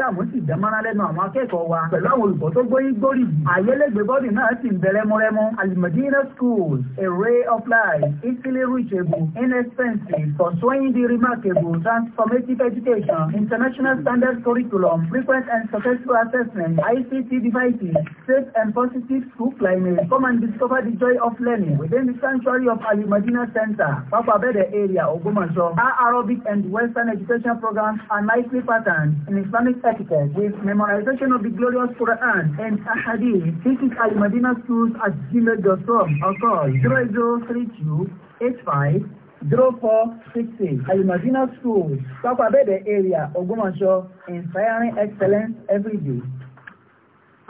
táwọn sì dámọ́ra lẹ́nu àwọn akẹ́kọ̀ọ́ wa pẹ̀lú àwọn olùkọ́ tó gbóyìn gbórí. àyẹlẹgbẹ bọ́ọ̀dì náà sì ń bẹ̀rẹ̀ mọ́rẹ́mọ́. alimadina schools a ray of life easily reachable inexpensive pursuing the remarkable transformative education international standard curriculum frequent and successful assessment ICT devices safe and positive school climate come and discover the joy of learning within the sanctuary of alimadina center papa abede area Ogbomoso our Arabic and Western education programs are nicely patterned in Islamic etiquette with memorization of the glorious Quran and Ahadith. This is Al Madina Schools at gmail.com or call 0032 85 0466. Al Madina Schools, Papabede area, Ogbomoso, inspiring excellence every day.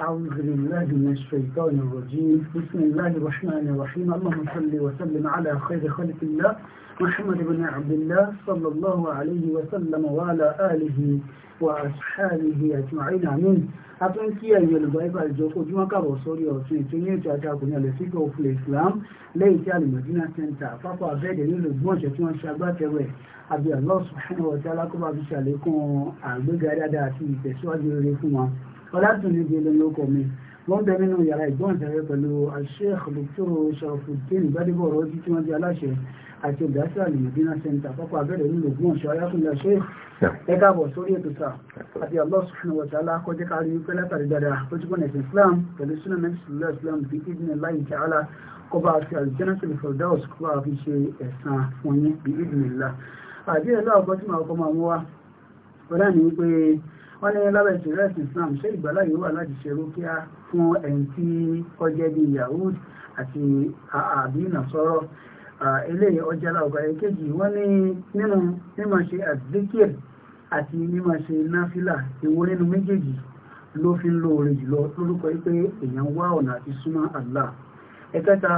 أعوذ بالله من الشيطان الرجيم بسم الله الرحمن الرحيم اللهم صل وسلم على خير خلق الله محمد بن عبد الله صلى الله عليه وسلم وعلى آله وأصحابه أجمعين آمين atún kí ẹ̀yin olùgbọ́ ẹ̀fà ìjọpọ̀ ojúmọ́ kàbọ̀ sórí ọ̀tún ètò ní ètò àti àkùnrin àlẹ́síkò òfin Islam lẹ́yìn tí alimọ̀dínà center àpapọ̀ abẹ́ẹ̀dẹ̀ nílùú ìgbọ̀nsẹ̀ tí wọ́n ṣe agbátẹrù ẹ̀ àbí Allah subhanahu wa ta'ala kó bá fi ṣàlékún àgbéga dáadáa àti ìtẹ̀síwájú rere fún wọn ọlátùnú ìdílé lóko mi wọ́n bẹ nínú yàrá ìgbóhùnsáfẹ́fẹ́ pẹ̀lú Sheikh Dr. Sharafuddin Gbadebo Raji tí wọ́n jẹ́ aláṣẹ àti olùdásí àlùmọ̀dínà center pápá abẹ́rẹ́ nílò gbóhùnṣọ́ ayákùnlé Sheikh ẹ káàbọ̀ sórí ètò sáà àti Allah subhanahu wa ta'ala kọjẹ́ kárí wípé látàrí dáadáa ó ti gbọ́nà ẹ̀sìn Islam pẹ̀lú súnà mẹ́sìlélá Islam bí ìdíni láì ta'ala kọba àti al-jannatul firdaus kọba àfi ṣe ẹ̀sán fún yín bí ìdíni lá àti ẹ̀lọ́ àkọ́ tí màá kọ́ máa mú fún ẹni tí ọjẹ́ bí yahoo àti àbí nàṣọ́rọ̀ eléyìí ọjà láwùká èkejì wọ́n ní nínú mímọ̀ ṣe àdíkìr àti mímọ̀ ṣe náfìlà èwo nínú méjèèjì ló fi ń lóore jùlọ lórúkọ wípé èèyàn wá ọ̀nà àti súnmọ́ Allah ẹ̀kẹta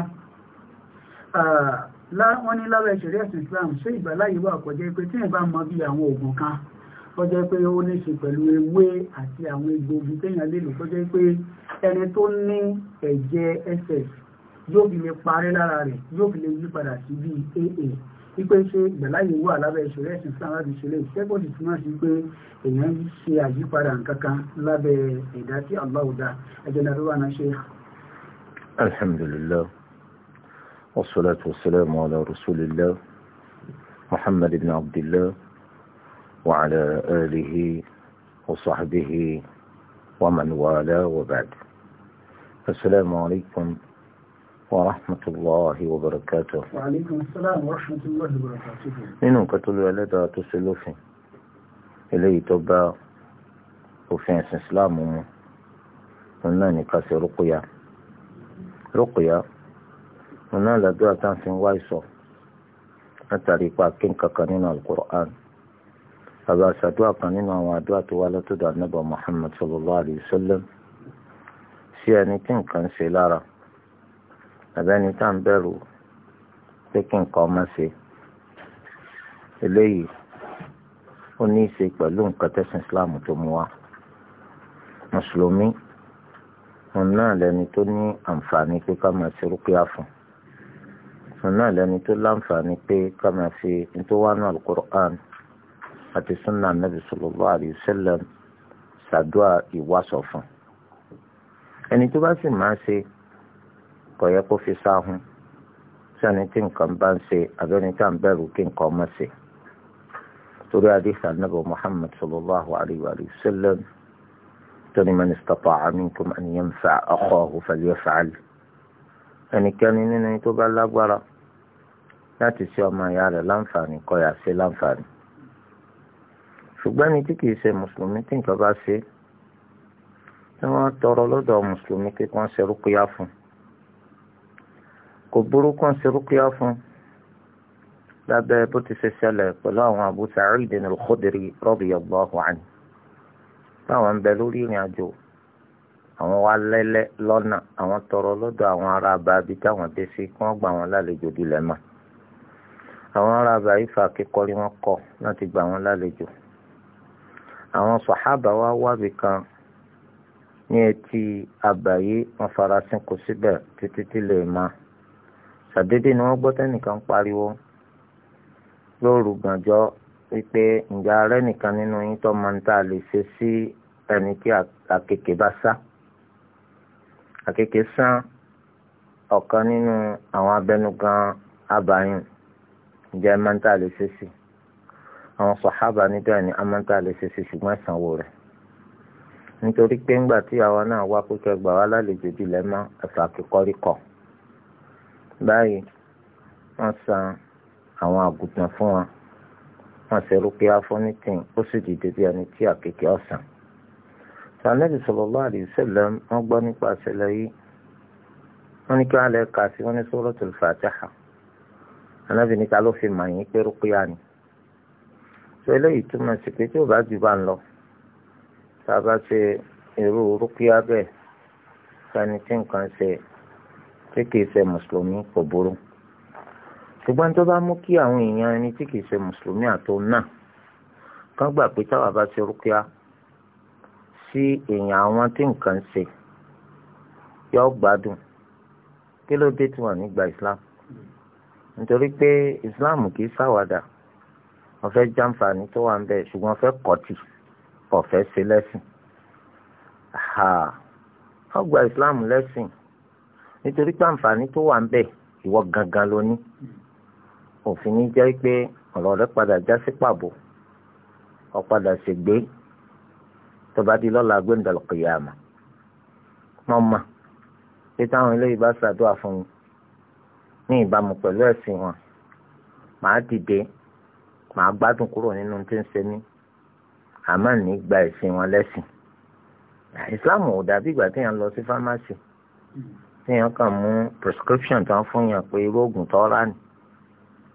wọ́n ní lábẹ́ ìṣẹ̀rí ẹ̀sìn Islam ṣé ìgbàláyé wà kọjá pé tí ìbá mọ bí àwọn oògùn kan tó jẹ́ pé ó ní ṣe pẹ̀lú ewé àti àwọn egbògi téèyàn lè lò pé ẹni tó ní ẹ̀jẹ̀ ss yóò fi lè parí lára rẹ̀ yóò fi lè yí padà sí bí aa wípé ṣe ìgbàláyè wà lábẹ́ ìṣòro ẹ̀sìn Islam láti ṣe lè túmọ̀ sí pé èèyàn ṣe àyípadà nǹkankan lábẹ́ ẹ̀dá tí Allah dá ẹjọ́ wà náà ṣe. alhamdulillah wassalatu wassalamu ala rasulillah muhammad ibn abdillah. وعلى آله وصحبه ومن والاه وبعد السلام عليكم ورحمة الله وبركاته وعليكم السلام ورحمة الله وبركاته nínú nǹkan tó lóyún ẹlẹ́dàá tó ṣe lófin eléyìí tó bá òfin ẹ̀sìn islam mu òun náà ní ká ṣe rúkúyà rúkúyà òun náà làdúrà tá à ń fi wá ìsọ látàrí ipa kí n kankan nínú alukur'an bàbá ṣàdúrà kan nínú àwọn àdúrà tó wá lọ́tọ̀dọ̀ ànábà Muhammad sallallahu alayhi wa sallam sí ẹni tí nǹkan ṣe lára àbẹ́ni tá à ń bẹ̀rù pé kí nǹkan ọmọ ṣe eléyìí ó ní í ṣe pẹ̀lú nǹkan tẹ̀sán Islam tó mú wá mùsùlùmí òun náà lẹni tó ní àǹfààní pé ká máa ṣe rúkìá fún òun náà lẹni tó láǹfààní pé ká máa ṣe ní tó náà Al-Qur'an àti sunna nabi sallallahu alayhi wa sallam ṣàdúrà ìwàsọ̀ fún ẹni tó bá sì máa ṣe kò yẹ kó fi sáhùn sani tí nǹkan bá ń ṣe abẹ́ni tá à ń bẹ̀rù kí nǹkan má ṣe torí hadith nabi muhammad sallallahu alayhi wa sallam tóní man istata'a minkum an yanfa'a akhahu falyaf'al ẹnikẹ́ni nínú tó bá lágbára láti ṣe ọmọ ìyá rẹ̀ láǹfààní kó yà ṣe láǹfààní ṣùgbọ́n ní tí kìí ṣe mùsùlùmí tí nǹkan bá ṣe tí wọ́n tọrọ lọ́dọ̀ mùsùlùmí pé kàn ṣe rúkúyà fún kò burú kàn ṣe rúkúyà fún lábẹ́ bó ti ṣe ṣẹlẹ̀ pẹ̀lú àwọn Abu Sa'id al-Khudri radiyallahu anhu táwọn ń bẹ lórí ìrìn àjò àwọn wá lẹ́lẹ́ lọ́nà àwọn tọrọ lọ́dọ̀ àwọn ará àbá táwọn dé sí kí wọ́n gbà wọ́n lálejò dilẹ̀ mọ́ àwọn ará àbá ifá kíkọ́rí wọn kọ̀ láti gbà wọ́n lálejò àwọn sàhábà wa wábi kan ní etí àbàyè wọn farasin kò síbẹ̀ títí tí lè má ṣàdédé ni wọ́n gbọ́ tẹ́nìkan pariwo lóru gànjọ́ wípé ǹjẹ́ arẹ́ nìkan nínú yín tó máa ń tà lè ṣe sí ẹni tí àkekèé bá sá àkekèé sán ọ̀kan nínú àwọn abẹnugan abàyàn ǹjẹ́ máa ń tà lè ṣe sí àwọn sàhábà níbẹ̀ ni amọ́ntà lè ṣe ṣe ṣùgbọ́n ìsanwó rẹ̀ nítorí pé ńgbà tí àwa náà wá pípẹ́ gbà wá lálejò dilẹ̀ mọ́ ẹ̀sà kíkọ́ríkọ̀ báyìí wọ́n san àwọn àgùntàn fún wa wọ́n ṣe rúpẹ́ afọ́nítìn ó sì dìde bí ẹni tí àkèké ọ̀sán sànẹ́bì sallallahu alaihi wọ́n gbọ́ nípa ìṣẹ̀lẹ̀ yìí wọ́n ní kí wọ́n lè sí wọn ní suratul Fatiha àná sọ eléyìí túmọ̀ sí pé tí ò bá jù bá ń lọ tá a bá ṣe irú rúkìá bẹ́ẹ̀ sani tí nǹkan ṣe tí kìí ṣe mùsùlùmí kò burú ṣùgbọ́n tó bá mú kí àwọn èèyàn ẹni tí kìí ṣe mùsùlùmí àtò náà kán gbà pé táwa bá ṣe rúkìá sí èèyàn àwọn tí nǹkan ṣe yọ gbádùn kí ló dé tí wọn nígbà Islam nítorí pé Islam kìí ṣàwàdà wọ́n fẹ́ jàǹfààní tó wà ń bẹ̀ ṣùgbọ́n wọ́n fẹ́ kọ̀tì kò fẹ́ ṣe lẹ́sìn wọ́n gba ìsìláàmù lẹ́sìn nítorí pé àǹfààní tó wà ń bẹ̀ ìwọ gangan ló ní òfin ní jẹ́ pé ọ̀rọ̀ rẹ padà já sí pàbó ó padà ṣègbé tó bá di lọ́la gbẹ̀ndàlùkìyàmà wọ́n mọ̀ pé táwọn eléyìí bá ṣàdúrà fún mi ní ìbámu pẹ̀lú ẹ̀sìn wọn màá dìde màá gbádùn kúrò nínú tí ń ṣe mí àmọ́ ní gba ìsìn wọn lẹ́sìn islam ò dàbí ìgbà téèyàn lọ sí fámásì téèyàn kàn mú prescription tó ń fún yàn pé irú oògùn tó rà ní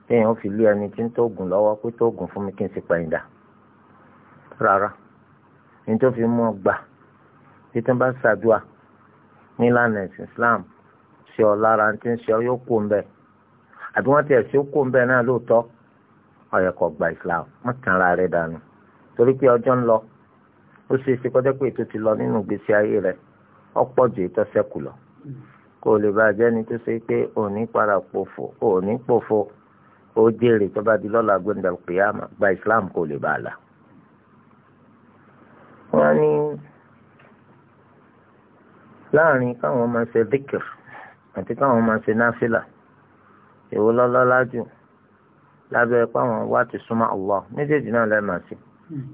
téèyàn fi lé ẹni tí ń tó oògùn lọ́wọ́ pé tó oògùn fún mi kí n sì pẹ̀yìndà rárá ní tó fi mú ọ gbà tí tó bá ṣàdúà nílànà ẹ̀sìn islam ṣe ọ lára tí ń ṣe ọ yóò kó ń bẹ̀ àbí wọ́n ti ẹ̀ ṣe ó kó ń bẹ̀ náà lóòótọ́ ó yẹ kó gba islam wọn tàn ra rẹ dànù torí pé ọjọ́ ń lọ ó ṣe é ṣe kọjá pé ètò ti lọ nínú ìgbésí ayé rẹ ọ̀pọ̀ ju ètò ṣẹ́kù lọ kó o lè bá a jẹ́ tó ṣe pé òní padà pòfo òní pòfo ó jèrè tó bá di lọ́la gbẹ̀ndà kìyàmà gba islam kó o lè bá a là. wọ́n ní láàrin káwọn máa ṣe díkìr àti káwọn máa ṣe náfìlà èwo lọ́lọ́lá jù lábẹ́ páwọn wá ti súnmọ́ Allah méjèèjì náà lẹ́ẹ̀mà sí. Hmm.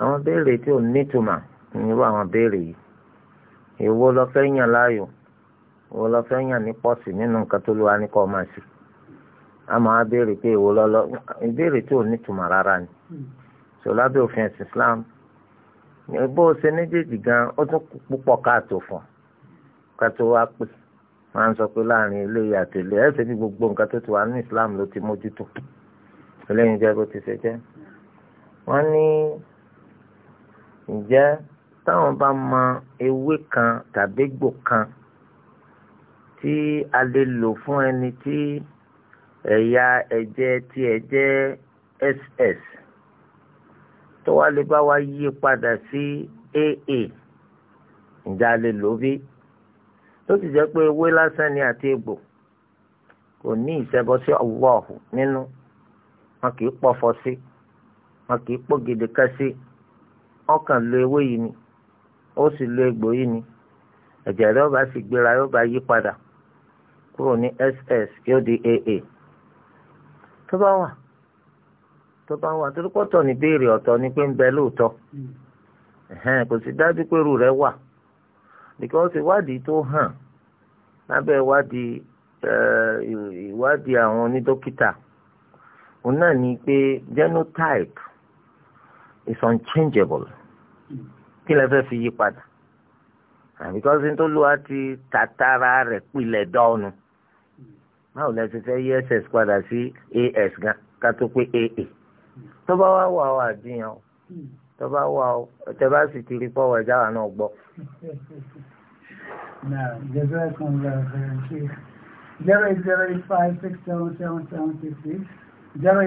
àwọn béèrè tí ò nítumà nírú àwọn béèrè yìí èwo lọ fẹ́ yàn láàyò èwo lọ fẹ́ yàn ní pọ́ọ̀sì nínú nǹkan tó lóra ní kọ́ máa sí. a máa béèrè pé èwo lọ lọ ìbéèrè tí ò nítumà rárá ni. Hmm. sọ lábẹ́ òfin ẹ̀sìn Islam bó o ṣe méjèèjì gan ó tún púpọ̀ káàtó fún kátó wá pè é máa ń sọ pé láàrin eléyìí àtẹlẹ ẹsẹ ní gbogbo nǹkan tó ti wà ní Islam ló ti mójútó eléyìí jẹ bó ti ṣe jẹ wọn ní ǹjẹ́ táwọn bá mọ ewé kan tàbí gbò kan tí a lè lò fún ẹni tí ẹ̀yà ẹ̀jẹ̀ tiẹ̀ jẹ́ SS tó wá lè bá wa yí padà sí AA ǹjẹ́ lè lò bí? tó sì jẹ́ pé ewé lásán ni àti egbò kò ní ìṣẹ́bọ sí Allahu nínú wọn kì í sí wọn kì í sí wọn kàn lo ewé yìí ni ó sì lo egbò yìí ni ẹ̀jẹ̀ rẹ̀ ó sì gbéra yóò bá yí padà kúrò SS yóò di AA tó bá wà tó bá wà torí ní béèrè ọ̀tọ̀ ni pé ń bẹ because ìwádìí tó hàn lábẹ́ ìwádìí eh, ìwádìí àwọn onídókítà òun náà ni pé genotype is unchangeable kí lẹ fẹ́ fi yí padà ah, because tó lù wá ti tàtàrà rẹ̀ pilẹ̀ dọ́ọ̀nù báwo lẹ ti fẹ́ yí ss padà sí as gan ká tó pé aa tó bá wà wà wà díyan o tó bá wà ó tẹ́ bá sì ti rí pọ́wọ́ ẹ̀já wa náà gbọ́. zero zero eight five six seven seven seven zero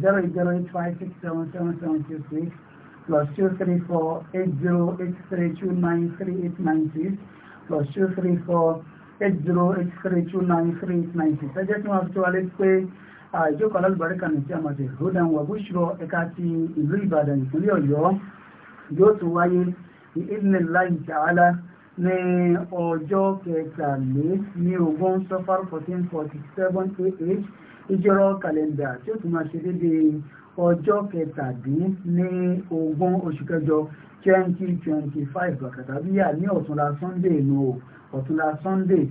zero zero eight five six seven seven seven six six plus two three four eight zero eight three two nine three eight nine six plus two three four eight zero eight three two nine three eight nine six. ẹ jẹ́ kí wọ́n fi tó àìjókòó ah, alábàríkà ní tí a máa ṣe rodan wabushro ẹ̀ka ti ìlú ìbàdàn ìpínlẹ̀ ọ̀yọ́ yóò tún wáyé ní ìdílẹ̀láì ta'ala ní ọjọ́ kẹtàlé ní ogún sọfar 1447 ah ìjọrọ kàlẹ́ndà tí ó tún máa ṣe déédéé ọjọ́ kẹtàdín ní ogún oṣù kẹjọ 2025 bàkàtà bíyà ní ọ̀túnla sunday nù ọ̀túnla sunday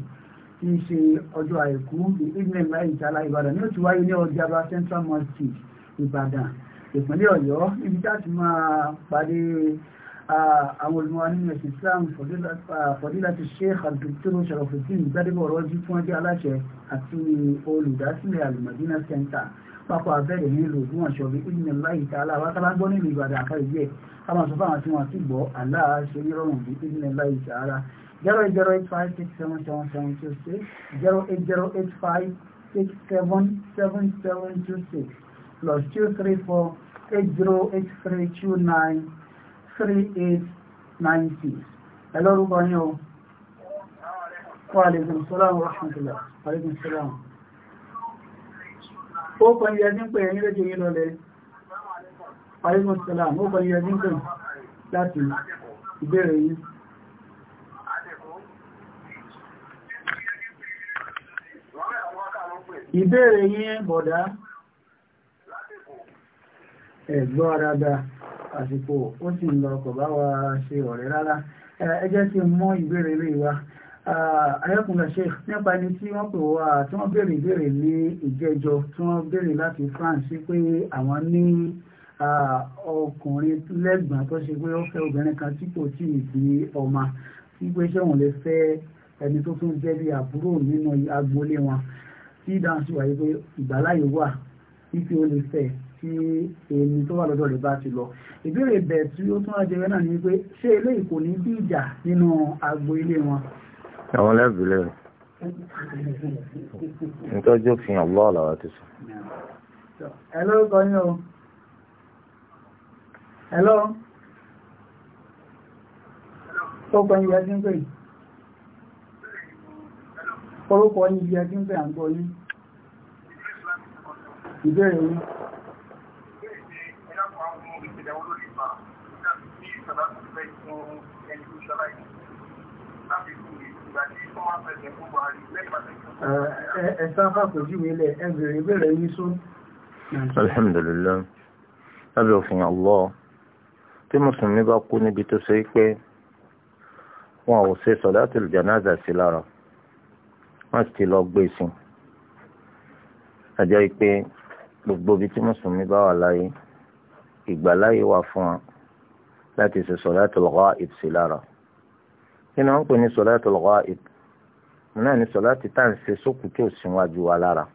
tí í ṣe ọjọ́ àìkú ní evening láì ìtàlá ìbàdàn ní òtún wáyé ní ọjàba central mosque ìbàdàn ìpínlẹ̀ ọ̀yọ́ ibi táti máa parí àwọn olùmọ̀wá nínú ẹ̀sìn islam fọ̀dílà ti sheikh abdulkiru sharafuddin gbadebo ọ̀rọ̀jì tí wọ́n jẹ́ aláṣẹ àti olùdásílẹ̀ alimadina center pápá abẹ́rẹ̀ nílùú ògbómọ̀ṣọ́ bí evening láì ìtàlá wákàlá gbọ́ nínú ìbàdàn àkàrí díẹ̀ ká máa sọ fáwọn tí wọ́n ti gbọ́ aláàṣẹ nírọ̀rùn bí evening láì ìtàlá Zero eight eight two two 08085677726 plus 234 nine 3896 Hello, Rubanyo. Wa alaikum salam wa rahmatullah. Wa alaikum salam. Ó kàn yẹ ní pé ẹ̀yìn rẹ̀ jẹ́ yìí lọ́lẹ̀. Wa alaikum salam. Ó kàn yẹ ní pé láti ìbéèrè yìí. ìbéèrè yín bọ̀dá ẹ̀gbọ́n arada àsìkò ó sì lọ kò bá wa ṣe ọ̀rẹ́ rárá ẹ jẹ́ kí n mú ìbéèrè ilé wa ayẹ́kùnlẹ̀ ṣe nípa ẹni tí wọ́n pè wá tí wọ́n béèrè ìbéèrè ní ìjẹ́jọ tí wọ́n béèrè láti France pé àwọn ní ọkùnrin lẹ́gbọ̀n tó ṣe pé ó fẹ́ obìnrin kan tí kò tí ì di ọmọ wípé ṣé òun lè fẹ́ ẹni tó tún jẹ́ bí àbúrò nínú agboolé wọn tí ìdáhùn sí wáyé pé ìgbàláyè wà wípé ó lè fẹ́ tí èmi tó wà lọ́dọ̀ rẹ̀ bá ti lọ ìbéèrè bẹ̀ tí ó tún ajẹrẹ náà ni pé ṣé ilé ìkò ní bí ìjà nínú agbo ilé wọn. àwọn lẹ́bìlẹ̀ nítọ́jú fi hàn lọ́ọ̀ làwọn ti sọ. ẹ lórúkọ yín o. Hello. Ó kọ́ ìyá sí ń pè yìí orúkọ ní ibi ẹgbẹ́ ìpẹ́ àgbọ́ yí ìbẹ̀rẹ̀ yí ẹ̀sán fàkòjú ilẹ̀ ẹgbẹ̀rẹ̀ ìbẹ̀rẹ̀ yí só alhamdulillah lábẹ́ òfin Allah tí mùsùlùmí bá kú níbi tó ṣe pé wọn ò ṣe sọ̀dátìl jánásà sí lára wọ́n ti lọ gbé sùn àjẹ́ pé gbogbo ibi tí mùsùlùmí bá wà láyé ìgbàláyé wà fún wa láti ṣe solatul ghaib sí lára kí ni pè ní solatul ghaib náà ní sọláàtì tá à ṣe sókù tí ò síwájú wa lára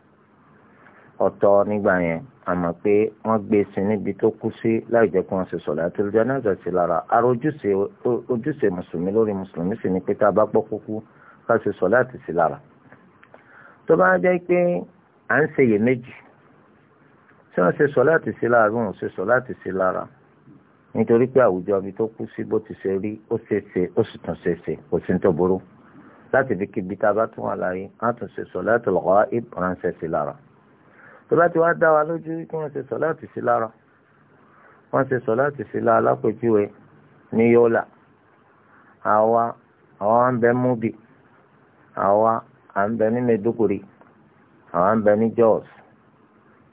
ọ̀tọ̀ nígbà yẹn àmọ́ pé wọ́n gbé e sí níbi tó kú sí láì jẹ́ kí wọ́n ṣe solatul janaza sí lára ara ojúṣe mùsùlùmí lórí mùsùlùmí sì ni pé tá a bá gbọ́ kúkú ká ṣe sọláàtì sí lára tó bá jẹ́ pé à ń ṣe iyèméjì tí wọ́n ṣe sọ láti ṣe lára wọn ṣe sọ láti ṣe lára nítorí pé àwùjọ ibi tó kú sí bó ti ṣe rí ó ṣe ṣe ó sì tún ṣe ṣe kò sí ní tó burú láti fi kíbi tá a bá tún wà láyé á tún ṣe sọ láti lọ́wọ́ ìránṣẹ́ sí lára tó bá ti wá dá wa lójú kí wọ́n ṣe sọ láti sí lára wọ́n ṣe sọ láti sí lára lápèjúwe ní yọ́là àwa àwa ń bẹ múbi àwa à ń bẹ ní Maiduguri àwọn ń bẹ ní Jos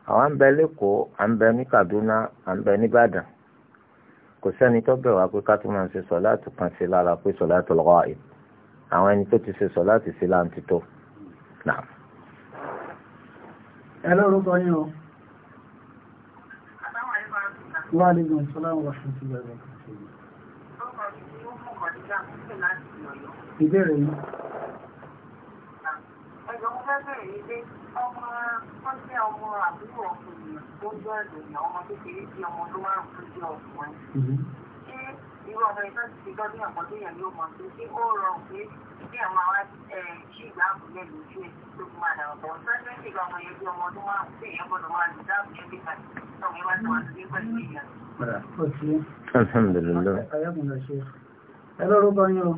àwọn ń bẹ lẹ́kọ̀ọ́ à ń bẹ ní Kaduna à ń bẹ ní Ìbàdàn kò sẹ́ni tó bẹ̀ wá pé ká tún máa ṣe sọ̀láàtì kan sí lára pé sọ̀láàtì lọ́wọ́ àyè àwọn ẹni tó ti ṣe sọ̀láàtì sí láǹtí tó nà. ẹ lórúkọ yín o. wọ́n á ní gbọ̀n sọ́lá wà fún ti bẹ̀rẹ̀. ìbéèrè yìí ẹjọ́ mo fẹ́ bá yín o.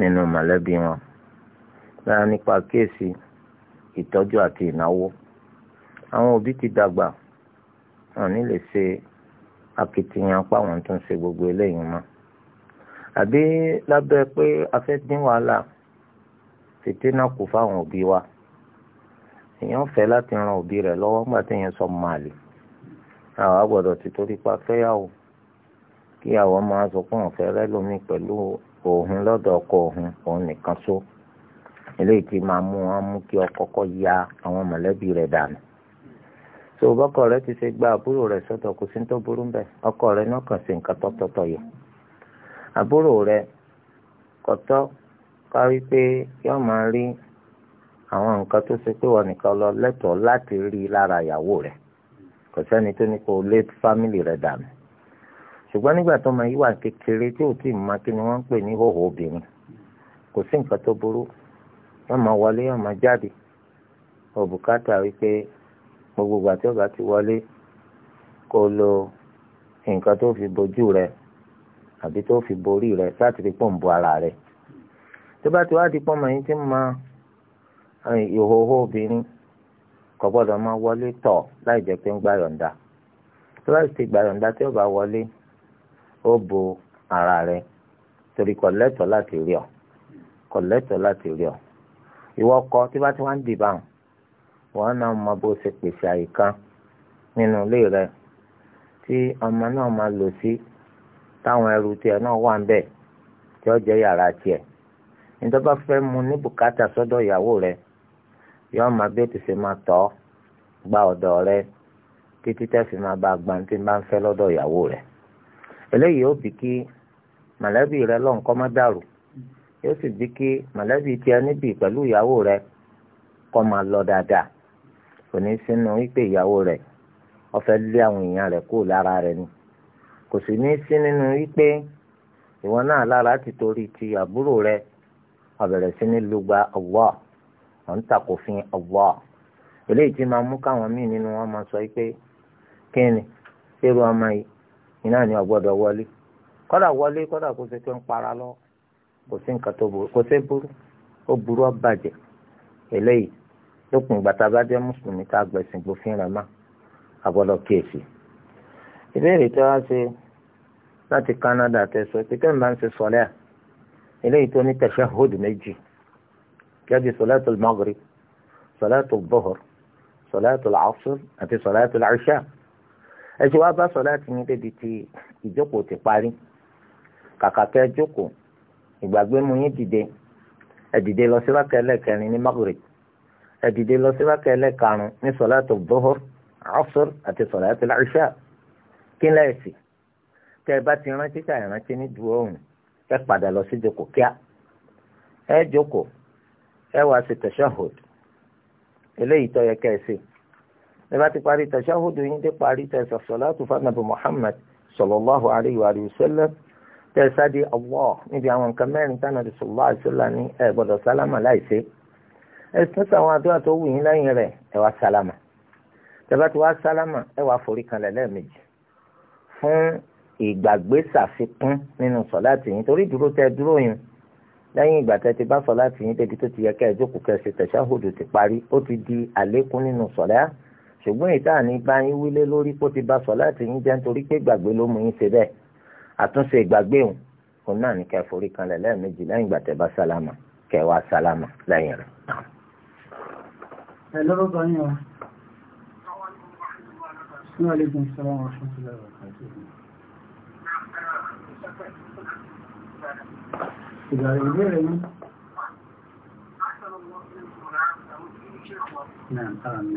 nínú mọ̀lẹ́bí wọn lára nípa kéèsì ìtọ́jú àti ìnáwó àwọn òbí ti dàgbà wọn ní lè ṣe akitiyan páwọn tó ń ṣe gbogbo eléyìí mọ́ àbí lábẹ́ pé a fẹ́ dín wàhálà tètè náà kù fáwọn òbí wa èèyàn fẹ́ láti ran òbí rẹ̀ lọ́wọ́ nígbà téèyàn sọ màálì àwa gbọ́dọ̀ ti torí pa fẹ́yàwó kíyàwó máa sọ pé òun fẹ́ lómi pẹ̀lú ohun lọ́dọ̀ ọkọ ohun òun nìkan só eléyìí ti máa mú wọn mú kí ọkọ kọ ya àwọn mọ̀lẹ́bí rẹ̀ dànù tó rẹ ti ṣe gba àbúrò rẹ̀ sọ́tọ̀ kò sí tó burú bẹ̀ ọkọ rẹ náà kàn sí nǹkan tọ́tọ́tọ́ yẹ àbúrò rẹ pé máa rí àwọn nǹkan tó ṣe pé wọn rẹ̀ ní kó lé fámìlì ṣùgbọ́n nígbà tó máa yíwà kékeré tí ò tí ì kí ni wọ́n ń pè ní hòhò obìnrin kò sí nǹkan tó burú wọ́n máa wọlé wọ́n máa jáde òbúkátà wípé gbogbo ìgbà tí ọ̀gá ti wọlé kó lo nǹkan tó fi bojú rẹ àbí tó fi borí rẹ láti fi pòǹbù ara rẹ tó bá ti wá di pọ́nmọ yín tí ń ma ìhòhò obìnrin kò gbọ́dọ̀ máa wọlé tọ̀ láì jẹ́ pé ń gbà yọ̀ǹda tó bá ti gbà yọ̀ǹda tí ọ̀gá wọlé ó bo ara rẹ torí kọ̀lẹ́tọ̀ láti rí ọ kọ̀lẹ́tọ̀ láti rí ọ ìwọ kọ tí bá ti wá ń dìbà wọn náà mọ bó ṣe pèsè àyíká nínú ilé rẹ tí ọmọ náà máa lò sí táwọn ẹrù tiẹ̀ náà wà ń bẹ̀ tí ó jẹ́ yàrá tiẹ̀ ìjọba fẹ́ mu ní bùkátà sọ́dọ̀ ìyàwó rẹ yọọ máa bí ètò ṣe máa tọ́ gba ọ̀dọ̀ rẹ títí tẹ́sí máa bá gbàǹtí bá ń fẹ́ lọ́dọ̀ ìyàwó rẹ eléyìí yóò bí kí mọ̀lẹ́bí rẹ lọ́n kọ́ má dàrú yóò sì bí kí mọ̀lẹ́bí tiẹ̀ níbí pẹ̀lú ìyàwó rẹ kọ́ máa lọ dáadáa kò ní sínú wípé ìyàwó rẹ ó fẹ́ lé àwọn èèyàn rẹ kó lára rẹ ni kò sì ní sí nínú wípé ìwọ náà lára ti torí ti àbúrò rẹ ó sí ní lùgbà Allah ọ̀ takòfin Allah eléyìí ti máa mú káwọn míì nínú wọn máa sọ wípé kí ni ṣé irú ọmọ yìí iná ni ọgbọ́dọ̀ wọlé kódà wọlé kódà kó ṣe pé ń para lọ kò sí nǹkan tó burú kò sí burú ó burú ó bàjẹ́ eléyìí lópin ìgbà tá a bá jẹ́ mùsùlùmí tá a gbẹ̀sìn gbòfin rẹ̀ mọ́ àgbọ́dọ̀ kíyèsí. ìbéèrè tó wá ṣe láti Canada tẹ̀sọ̀ pé kẹ́mi máa ń ṣe sọ̀lẹ́ eléyìí tó ní tashahhud méjì gẹ́gẹ́ sọ̀lẹ́tul maghrib sọ̀lẹ́tul àti sọ̀lẹ́tul ẹ ṣe wá bá sọ láti ní débi tí ìjókòó ti parí kàkà kẹ́ jókòó ìgbàgbé mu yín dìde ẹ dìde lọ sí rákà ẹlẹ́kẹrin ní maghrib ẹ dìde lọ sí rákà ẹlẹ́karùn ní sọ̀láàtò dhuhr asr àti sọ̀láàtò isha kí lẹ́ẹ̀sì tẹ́ ẹ bá ti rántí ká ìrántí ní dùn òun ẹ padà lọ sí jókòó kíá ẹ jókòó ẹ wá sí tashahhud eléyìí tó yẹ kẹ́ ẹ sí ẹ bá ti parí tàṣáhùdù yín dé parí tẹ̀sà sọ̀látù fanabu muhammad sallallahu alayhi wa sallam tẹ̀sà di allah níbi àwọn nǹkan mẹ́rin tánàdì sallallahu alayhi wa sallam ní ẹ gbọ́dọ̀ sálámà láìsí ẹ tún sàwọn àdúrà tó wù yín lẹ́yìn rẹ̀ ẹ wá sálámà tẹ̀bá ti wá sálámà ẹ wá forí kanlẹ̀ lẹ́ẹ̀mejì fún ìgbàgbé ṣàfikún nínú sọ̀láàtì yín torí dúró tẹ dúró yín lẹ́yìn ìgbà tẹ ti bá sọ̀láàtì yín débi tó ti yẹ kẹ́ ẹ jókòó kẹ́ ẹ ṣe tẹ̀sà ṣùgbọ́n ìta ní bá yín wílé lórí kó ti bá sọ láti yín jẹ́ nítorí pé gbàgbé ló mú yín ṣe bẹ́ẹ̀ àtúnṣe ìgbàgbé òun òun náà ní kẹ́ forí kanlẹ̀ lẹ́ẹ̀mejì lẹ́yìn ìgbà tẹ́ bá sálámà kẹ́ wá sálámà lẹ́yìn rẹ̀. ẹ lọ́rọ̀ kan yín o ní alaikum salaam wa rahmatullahi wa barakatuh. ìgbàlè ìbéèrè yín. Naam, amin.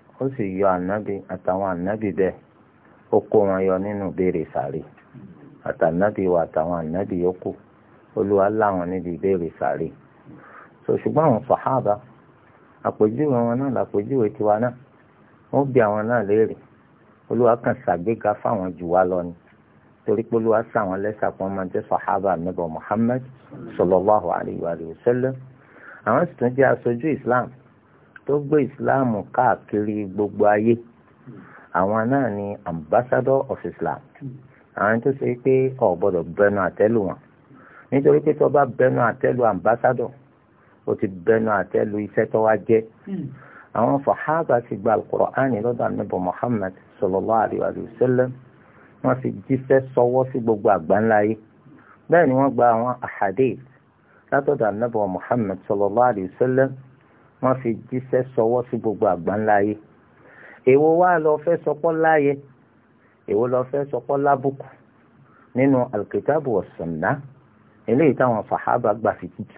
ó sì yọ ànábì àtàwọn ànábì bẹ́ẹ̀ ó kó wọn yọ nínú ìbéèrè sàárè àtànábì wa àtàwọn ànábì yòókù olúwa láwọn níbi ìbéèrè sàárè so ṣùgbọ́n àwọn sàhábà àpèjúwe wọn náà làpèjúwe tiwa náà wọ́n bí àwọn náà léèrè olúwa kàn ṣàgbéga fáwọn jù wá lọ ni torí pé olúwa sàwọn lẹ́sà pọ́n máa jẹ́ sàhábà níbọ̀ Muhammad sallallahu alayhi wa sallam àwọn sì tún jẹ́ aṣojú Islam tó gbé ìsìláàmù káàkiri gbogbo ayé àwọn náà ni ambassador of islam àwọn tó ṣe pé o gbọ́dọ̀ bẹnu àtẹ́lù wọn nítorí pé tó bá bẹnu àtẹ́lù ambassador ó ti bẹnu àtẹ́lù iṣẹ́ tó wá jẹ́ àwọn fàhábà ti gba alukur'ani lọ́dọ̀ anábọ̀ muhammad sallallahu alayhi wa sallam wọ́n fi jíṣẹ́ sọwọ́ sí gbogbo àgbáńlá yìí bẹ́ẹ̀ ni wọ́n gba àwọn àhàdé látọ̀dọ̀ anábọ̀ muhammad sallallahu alayhi wa wọ́n fi jíṣẹ́ sọwọ́ sí gbogbo àgbáńláyé èwo wá lọ fẹ́ sọpọ́ láyé èwo lọ fẹ́ sọpọ́ lábùkù nínú alkitabu was-sunnah eléyìí táwọn sàhábà gbà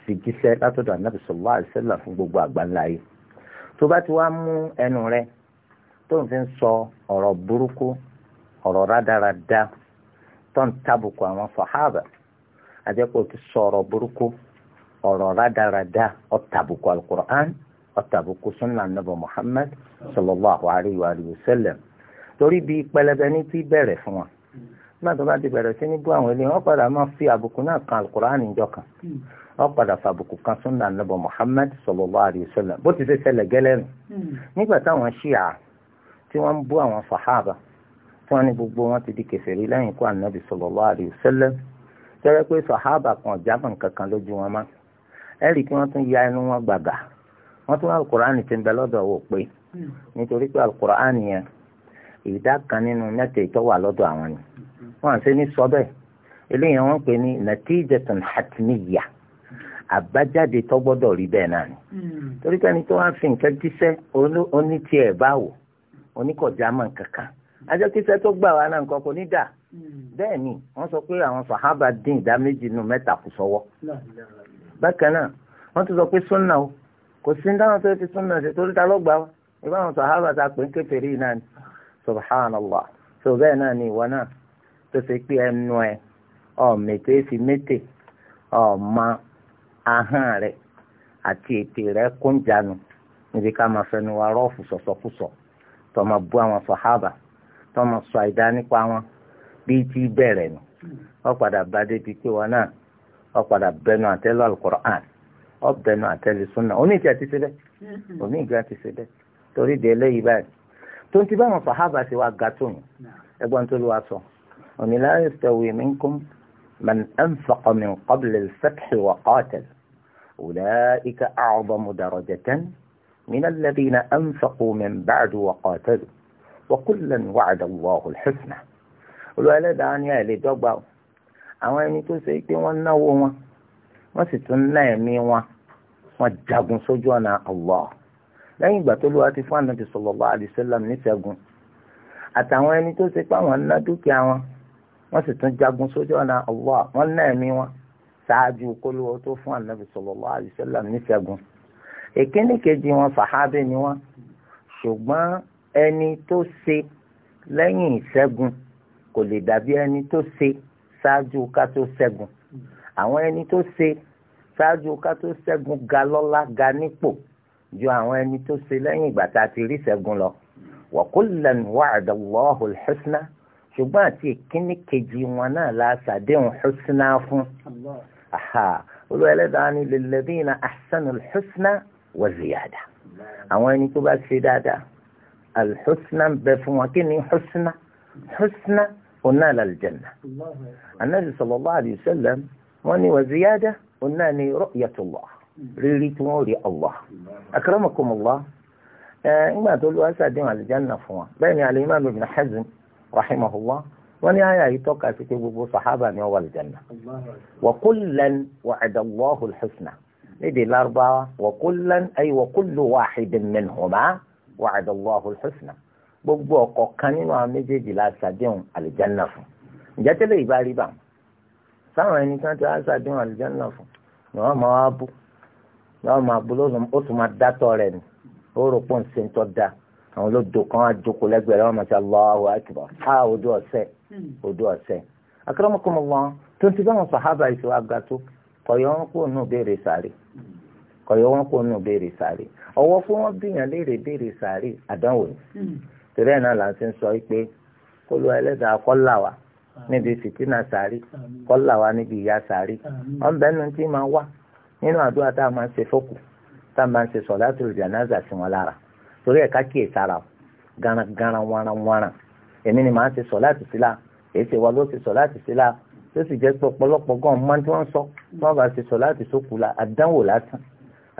fi jíṣẹ́ látọ̀dọ̀ anábì sallallahu alaihi wasallam fún gbogbo àgbáńláyé tó bá ti wá mú ẹnu rẹ tó ń fi sọ ọ̀rọ̀ burúkú ọ̀rọ̀ rádaràda tó ń tàbùkù àwọn sàhábà àjẹpọ̀ ti sọ ọ̀rọ̀ burúkú ọ̀rọ̀ rádaràda ó tàbùkù al ọ̀tàbùkù sunna nàbọ̀ Muhammad sallallahu alayhi wa sallam torí bí pẹlẹbẹ ní ti bẹ̀rẹ̀ fún wa nígbà tó bá ti bẹ̀rẹ̀ sí ní bú àwọn eléyìí wọ́n padà máa fi àbùkù náà kan alukur'an ìjọ kan wọ́n padà fàbùkù kan sunna nàbọ̀ Muhammad sallallahu alayhi bó ti ṣe ṣẹlẹ̀ gẹ́lẹ́ nù nígbà táwọn ṣíà tí wọ́n ń bú àwọn sàhábà tí wọ́n ní gbogbo wọn ti di kèfèrí lẹ́yìn ikú ànábì sallallahu alayhi kí wọ́n tún ya ẹnu wọn gbàgà wọ́n tún alukur'an ti ń bẹ lọ́dọ̀ wò pé nítorí pé alukur'an yẹn ìdá kan nínú mẹ́ta tó wà lọ́dọ̀ àwọn ni wọ́n à ń ṣe ní sọ bẹ́ẹ̀ eléyìí wọ́n pè ní natijatan hatmiya àbájáde tó rí bẹ́ẹ̀ náà ni torí pé ẹni tó wá fi nǹkan jíṣẹ́ oní tiẹ̀ báwò oníkọ̀já mọ̀ kankan ajọ́ kíṣẹ́ tó gbà wá náà nǹkan kò ní dà bẹ́ẹ̀ ni wọ́n sọ pé àwọn sàhábà dín ìdá méjì nù mẹ́ta kù sọ́wọ́ bákan náà wọ́n tún sọ pé sunna o. kò sí dáhùn tó ti súnà ṣe torí ta ló gbà wá ìbá àwọn sàhábà ta pè ń kékeré náà ni subhanallah tó bẹ́ẹ̀ náà ni ìwọ náà tó ṣe pé ẹnu ẹ fi ahọ́n rẹ àti ètè rẹ níbi ká máa fẹnu wa rọ́ọ̀fù tó máa bú àwọn tó máa ọ̀bẹ̀nu àtẹ̀lé súnà oníkì àti síbẹ̀ oníkì àti síbẹ̀ torí di eléyìí báyìí tó ń ti báwọn sàhábà ṣe wá ga tó yìí ẹgbọ́n tó ló wá sọ òní la yastawi minkum man anfaqa min qabli al-fath wa qatal ulaika a'zamu darajatan min alladhina anfaqu min ba'du wa qatalu wa kullan wa'ada Allahu al-husna olùwàlẹ́dàá ni àìlè dọ́gba àwọn ẹni tó ṣe pé wọ́n náwó wọn wọ́n sì tún ná ẹ̀mí wọn wọ́n jagun sójú ọ̀nà Allah lẹ́yìn ìgbà tó lùwà ti fún ànábì sallallahu alaihi wasallam níṣẹ́gun àtàwọn ẹni tó ṣe pé àwọn ná dúkìá wọn wọ́n sì tún jagun sójú ọ̀nà Allah wọ́n ná ẹ̀mí wọn ṣáájú kólúwọ́ tó fún ànábì sallallahu alaihi wasallam níṣẹ́gun èkíní kejì wọn sàhábé ni wọn ṣùgbọ́n ẹni tó ṣe lẹ́yìn ìṣẹ́gun kò lè dàbí ẹni tó ṣe ṣáájú ká tó ṣẹ́gun àwọn ẹni tó ṣe ṣáájú ká tó ṣẹ́gun ga lọ́lá ga nípò ju àwọn ẹni tó ṣe lẹ́yìn ìgbà tá a ti rí ṣẹ́gun lọ wa kullan wa'ada Allahu al-husna ṣùgbọ́n àti ìkíní kejì wọn náà la ṣàdéhùn husna fún olú ni lilladhina ahsanu al-husna wa ziyada àwọn ẹni tó bá ṣe dáadáa al bẹ fún wọn kí ni husna husna onáàlà al-janna anabi sallallahu alayhi wọ́n ní wàzíyádá òun náà ni rọ́yàtọ̀lọ́ rírí tí wọ́n rí Allah akramakumullah ńgbà tó lọ́wọ́ sàdéhùn àlìjánà fún wa bẹ́ẹ̀ ni al-Imam Ibn Hazm rahimahullah wọ́n ní àyà yìí tọ́ka sí pé gbogbo sàhábà ni wọ́n wà àlìjánà wa kullan wa'ada Allahu al-husna lédè lárúbáwá wa kullan ay wa kullu sáwọn ẹni tí wọ́n ti ṣàdéhùn àlùjánnà fún ni wọ́n máa wá bú ni wọ́n máa bú ó tún máa dátọ̀ rẹ̀ ni ó rò pọ̀ ń ṣe ń tọ́ da àwọn olódò kan á jókòó lẹ́gbẹ̀ẹ́ rẹ̀ wọ́n máa ṣe Allahu akbar á odò ọ̀sẹ̀ hmm. odò ọ̀sẹ̀ akramakumullah tó ti bá wọn sàhábà ìṣó aga tó kọ̀yọ́ wọn kúrò náà béèrè sáré ọwọ́ fún wọn bíyàn léèrè béèrè sáré àdánwò ni hmm. tẹ̀rẹ́ náà là ń ti sọ pé kó ẹlẹ́dàá kọ́ là níbi fìtínà sàárì kọ́là wa níbi ìyà sàárì wọ́n bẹ́ẹ̀ nu tí máa wá nínú àdúrà tá a máa ń ṣe fókù tá a máa ń ṣe sọ̀látùl jánásà sí wọn lára torí ẹ̀ka kíyè sára gánagánra wánranwánran èmi ni màá ṣe sọ̀látù sílá èyí ṣe wá ló ṣe sọ̀látù sílá tó sì jẹ́ pé ọ̀pọ̀lọpọ̀ gan máa tí wọ́n sọ wọ́n bá ṣe sọ̀látù sókù la àdánwò lásán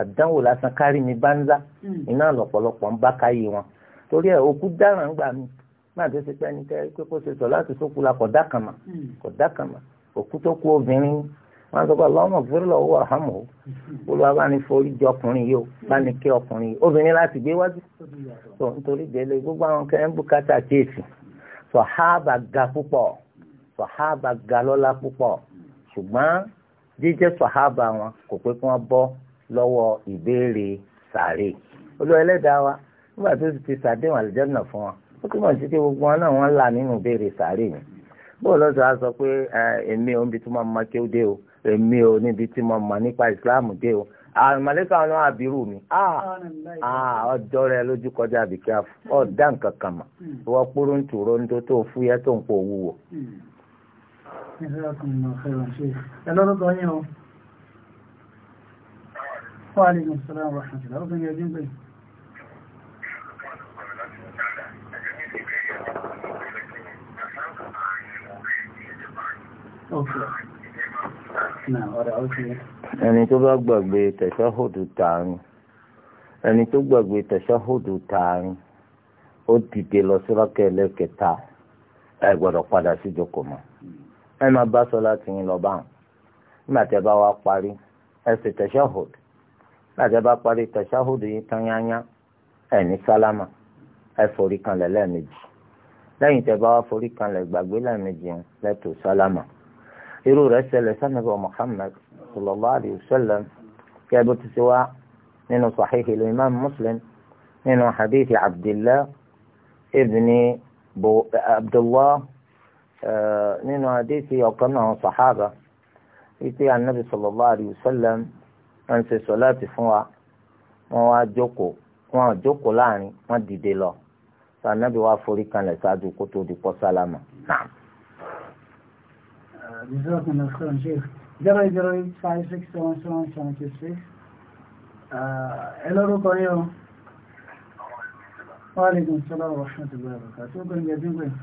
àdánwò lásán kárí mi bá ń zá hmm. iná lọ̀pọ̀lọpọ̀ ń bá káyé wọn torí ẹ̀ òkú dáràn gbà mí náà tó ṣe pé ẹni tẹ́ pé kó ṣe sọ láti sókù la kọ̀dá kan mà hmm. kọ̀dá kan mà òkú tó kú obìnrin wọn sọ pé Allahumma ghfir lahu warhamhu hmm. olúwa bá ní forí jọ ọkùnrin yìí ó hmm. bá ní kí ọkùnrin yìí obìnrin láti gbé wájú tó nítorí délé gbogbo àwọn kẹrin bùkátà kéèsì sọ̀háàbà ga púpọ̀ sọ̀háàbà ga lọ́lá púpọ̀ ṣùgbọ́n jíjẹ́ sọ̀háàbà wọn kò pé kí wọ́n bọ́ lọ́wọ́ ìbéèrè sàárè olúwa ẹlẹ́dàá wa nígbà tó ti ṣàdéhùn àlùjánnà fún wọn ó túmọ̀ sí pé gbogbo wọn náà wọ́n là nínú ìbéèrè sàárè yẹn bóò lọ́sọ̀ á sọ pé èmi ò níbi tí mo máa kéwú dé o èmi ò níbi tí mo mọ̀ dé o àmàlẹ́kà wọn náà àbírù mi ọjọ́ rẹ lójú kọjá àbíkẹ́ ọ̀dà nǹkan kan mà hmm. wọ́n ń tó fúyẹ́ tó hmm. o. ẹni tó bá gbàgbé tẹ̀sọ́hùdù tààrin ẹni tó gbàgbé tẹ̀sọ́hùdù tààrin ó dìde lọ ẹ gbọ́dọ̀ padà sí ìjókòó ẹ máa bá sọ láti yín lọ báwọn nígbà tẹ́ bá wá parí ẹ sì tẹ̀sọ́hùdù nígbà tẹ́ bá parí yín tán yányá ẹ ní sálámà ẹ forí kanlẹ̀ lẹ́ẹ̀mejì lẹ́yìn bá wá forí kanlẹ̀ gbàgbé lẹ́ẹ̀mejì lẹ́tọ̀ọ́ sálámà. irú rẹ̀ ṣẹlẹ̀ sanabi muhammad sallallahu alayhi wa sallam kẹ́bù ti ṣe wá nínú sahihi imam muslim nínú hadithi abdillah ibni abdullah eh, nínú hadithi ọ̀kan náà sahaba ipe anabi sallallahu alayhi wa sallam wọ́n ṣe sọláàtì fún wa wọ́n wá jókòó wọ́n jókòó láàrin wọ́n dìde lọ sanabi wá forí kanlẹ̀ ṣáájú kó tó di pọ́ sálámà náà. جزاكم الله خيرا شيخ 08056777726 ẹlọ́rọ̀ kan yọ wàlẹ́gùn sọ́lá ọ̀ṣun ti gbẹ̀rẹ̀ kà tí ó gbẹ̀rẹ̀ jẹ́ gbẹ̀rẹ̀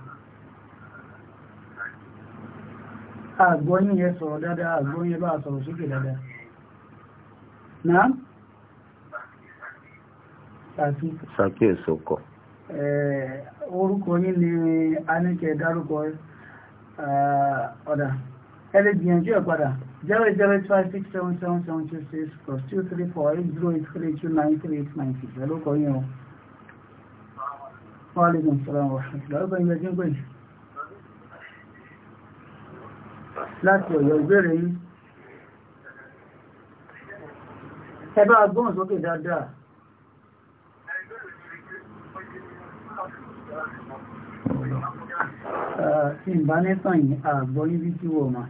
àgbọ́yìn yẹ sọ̀rọ̀ dáadáa àgbọ́yìn yẹ bá sọ̀rọ̀ sókè dáadáa náà sàkí èsòkọ̀ orúkọ yìí ni a ní kẹ dárúkọ ọ̀dà uh, ẹlẹ́ gbìyànjú ẹ̀ padà zero eight zero eight five six seven seven seven two six plus two three four eight zero eight three two nine three eight nine six ẹ̀ ló kọ́ yín o. wọ́n á lè gbọ́n sọ́ra wọ̀ ṣùgbọ́n ọgbà ìgbà jẹ́ gbẹ̀yìn. láti ọ̀yọ́ ìbéèrè yín. ẹ bá gbọ́n sókè dáadáa. tí ìbánẹ́sàn yìí àgbọ́ níbi tí wọ́n máa.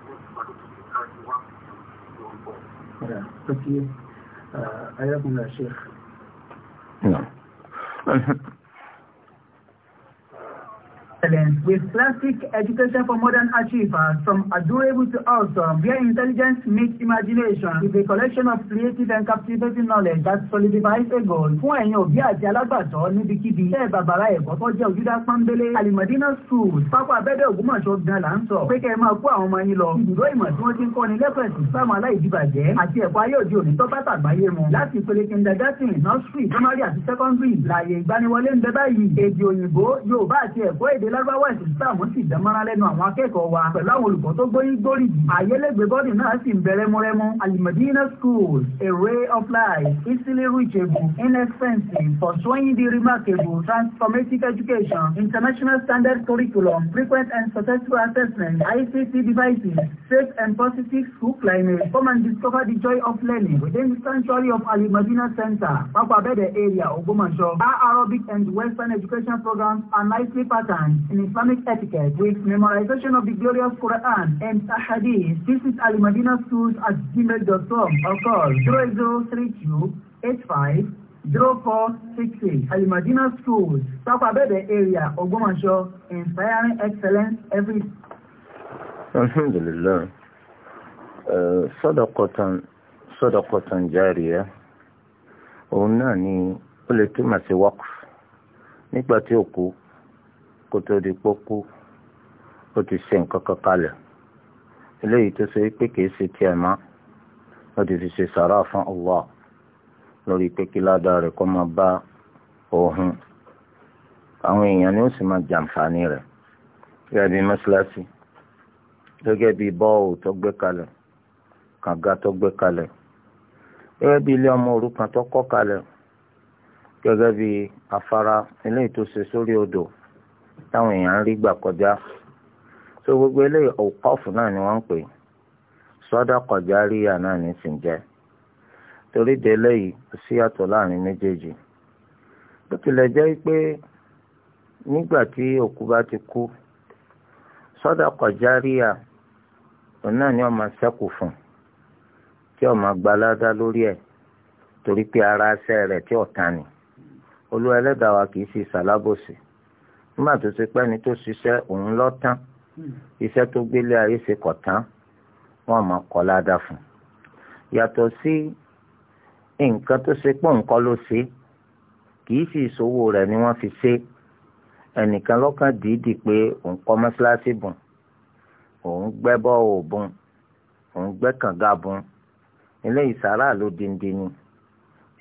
هذا آه، آياتنا يا شيخ نعم excellence with classic education for modern achievers from adorable to awesome where intelligence meets imagination with a collection of creative and captivating knowledge that solidifies a goal. fún ẹ̀yin òbí àti alágbàtọ́ níbikíbi bẹ́ẹ̀ bàbàrà ẹ̀kọ́ tó jẹ́ òjúdá pọ́nbélé alimadina schools pápá abẹ́dẹ̀ ògbómọ̀ṣọ́ gan la ń sọ pé kẹ́ ẹ máa kó àwọn ọmọ yín lọ ibùdó ìmọ̀ tí wọ́n ti ń kọ́ni lẹ́kọ̀ọ́ ẹ̀sìn sáwọn aláìdíbàjẹ́ àti ẹ̀kọ́ ayé òde òní tọ́pá tàgbáyé mu láti ìpele kindergarten nursery primary àti secondary láàyè ìgbaniwọlé ń bẹ báyìí èdè òyìnbó yorùbá àti ẹ̀kọ́ èdè lárúbáwá ìsìn táwọn sì dámọ́ra lẹ́nu àwọn akẹ́kọ̀ọ́ wa pẹ̀lú àwọn olùkọ́ tó gbóyún gbórí yìí àyẹlẹ́gbẹ́ bọ́dì náà sì ń bẹ rẹ́múrẹ́mú alimadina schools a ray of light easily reachable inexpensive pursuing the remarkable transformative education international standard curriculum frequent and successful assessment ICC devices safe and positive school climate come and discover the joy of learning within the sanctuary of alimadina center pápá abẹ́dẹ̀ area Ògbómọ̀ṣọ́ our Arabic and Western education programs are nicely patterned in Islamic etiquette with memorization of the glorious Quran and Ahadith, This is Madina schools at gmail.com or call 0032 85 0466 Al Madina schools, South Abebe area, Ogbomoso, inspiring excellence every. Alhamdulillah. Uh, sadaqatan sadaqatan jariya Ounani náà ni ó lè waqf nígbà tí kó tó di pópó ó ti ṣe nǹkan kan kalẹ̀ eléyìí tó ṣe pé kìí ṣe tiẹ̀ mọ́ ó ti fi ṣe sàrà fún Allah lórí pé kí ládàá rẹ̀ kó máa bá òun àwọn èèyàn ni ó sì máa jàǹfààní rẹ̀ gẹ́gẹ́ bí mọ́ṣáláṣí gẹ́gẹ́ bí bọ́ọ̀lù tó gbé kalẹ̀ kànga tó gbé kalẹ̀ gẹ́gẹ́ bí ilé ọmọ òrukàn tó kọ́ kalẹ̀ gẹ́gẹ́ bí afárá eléyìí tó ṣe sórí odò. táwọn èèyàn ń rí gbà kọjá so gbogbo eléyìí ọ̀pọ̀fù náà ni wọ́n ń pè sọ́dọ̀ kọjá ríyà náà ní sì ń jẹ́ torí de eléyìí kò sí yàtọ̀ láàrin méjèèjì bó tilẹ̀ jẹ́ pé nígbà tí ti kú sọ́dọ̀ kọjá ríyà òun náà ni ó máa fún tí gbalada lórí ẹ̀ torí pé ara ẹsẹ̀ rẹ̀ tí ọ̀tá ni olú ẹlẹ́dàá wa kì í sì nígbà tó ṣe pẹ́ni tó ṣiṣẹ́ òun lọ́tàn iṣẹ́ tó gbélé ayé ṣe kọ̀tán wọ́n máa kọ́ ládàá fún un yàtọ̀ sí nǹkan tó ṣe pọ̀ nǹkan ló ṣe kìí sì ṣòwò rẹ̀ ni wọ́n fi ṣe ẹnìkan lọ́kàn dìídì pé òun kọ́ mọ́ṣáláṣí bùn òun gbẹ́ bọ́ọ̀ bùn òun gbẹ́ kànga bùn eléyìí sàrà ló dìndín ni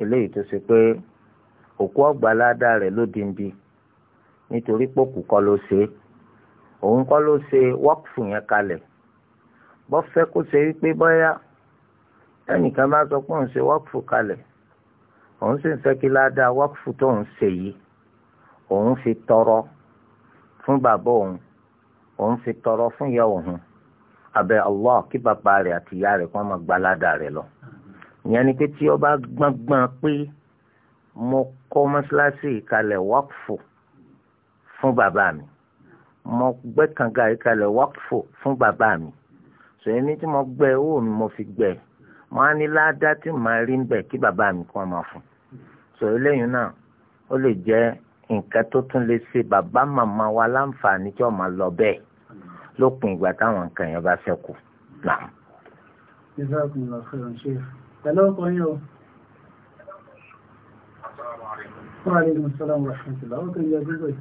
eléyìí tó ṣe pé òkú ọ̀gbà ládàá rẹ̀ ló dìndín nítorí pòkù kọ́ ló ṣe òun kọ́ ló ṣe wọ́pù yẹn kalẹ̀ bọ́ fẹ́ kó ṣe wípé bọ́yá ẹnìkan bá sọ pé òun ṣe wọ́pù kalẹ̀ òun sì ń fẹ́ kí ládàá wọ́pù tó ń ṣe yìí òun fi tọrọ fún bàbá òun òun fi tọrọ fún ìyá òun abẹ Allah kí bàbá rẹ̀ àti ìyá rẹ̀ kàn máa gba ládàá rẹ̀ lọ ìyẹn ni pé tí ó bá gbọ́ngbọ́n pé mo kọ́ mọ́ṣáláṣí kalẹ̀ wọ́pù fún bàbá mi mo gbẹ́ kànga ìkàlẹ̀ wákfò fún bàbá mi sọ̀rọ̀ ní tí mo gbẹ́ owó mi mo fi gbẹ́ mo á ní ládá tí màá rí ń bẹ̀ kí bàbá mi kàn máa fún sọ̀rọ̀ lẹ́yìn náà ó lè jẹ́ nǹkan tó tún lè ṣe bàbá màmá wa láǹfààní tí ó lọ bẹ́ẹ̀ lópin ìgbà táwọn nǹkan yẹn bá ṣẹ́kù náà. Hello, ọkọ yín o. Wa alaikum salaam wa rahmatullahi. Ọkọ yín ọdún bẹ́ẹ̀.